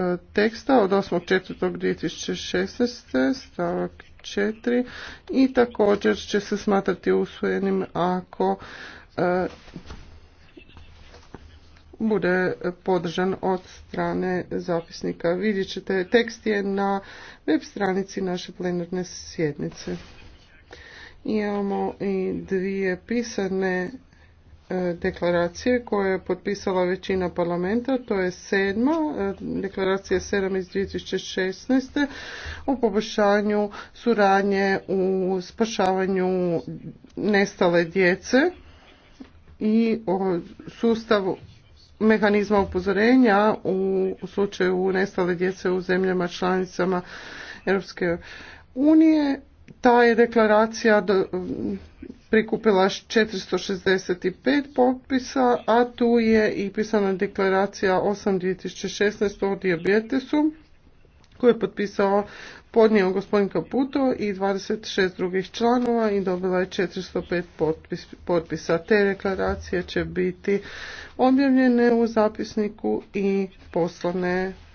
E, teksta od 8.4.2016. stavak 4 i također će se smatrati usvojenim ako e, bude podržan od strane zapisnika. Vidjet ćete, tekst je na web stranici naše plenarne sjednice. Imamo i dvije pisane E, deklaracije koje je potpisala većina parlamenta, to je sedma, e, deklaracija 7 iz 2016. o poboljšanju suradnje u spašavanju nestale djece i o sustavu mehanizma upozorenja u slučaju nestale djece u zemljama članicama Europske unije. Ta je deklaracija prikupila 465 potpisa, a tu je i pisana deklaracija 8.2016 o diabetesu koju je potpisao podnio gospodin Kaputo i 26 drugih članova i dobila je 405 potpisa. Te deklaracije će biti objavljene u zapisniku i poslane